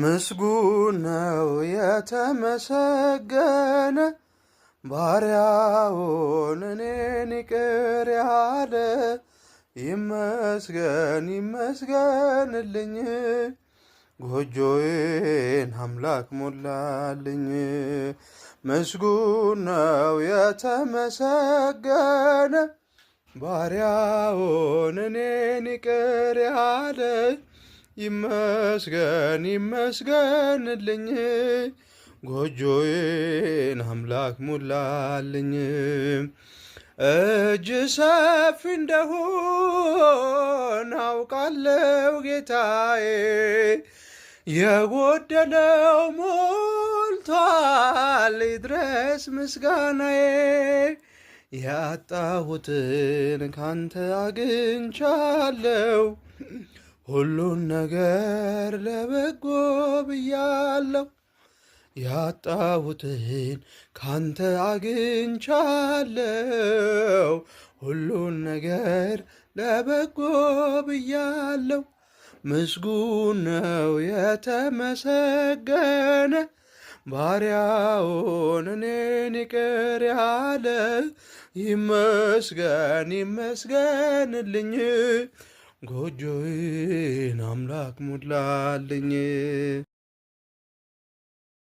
ምስጉን ነው የተመሰገነ ባሪያውን እኔን ይቅር ያለ ይመስገን ይመስገንልኝ። ጎጆዬን አምላክ ሞላልኝ። ምስጉን ነው የተመሰገነ ባሪያውን እኔን ይቅር ያለ ይመስገን ይመስገንልኝ ጎጆዬን አምላክ ሙላልኝ። እጅ ሰፊ እንደሆን አውቃለው ጌታዬ፣ የጎደለው ሞልቷል ይድረስ ምስጋናዬ። ያጣሁትን ካንተ አግኝቻለው ሁሉን ነገር ለበጎ ብያለው፣ ያጣሁትን ካንተ አግኝቻለው። ሁሉን ነገር ለበጎ ብያለው፣ ምስጉን ነው የተመሰገነ ባሪያውን እኔን ይቅር ያለ ይመስገን ይመስገንልኝ ጎጆዬን አምላክ ሙላልኝ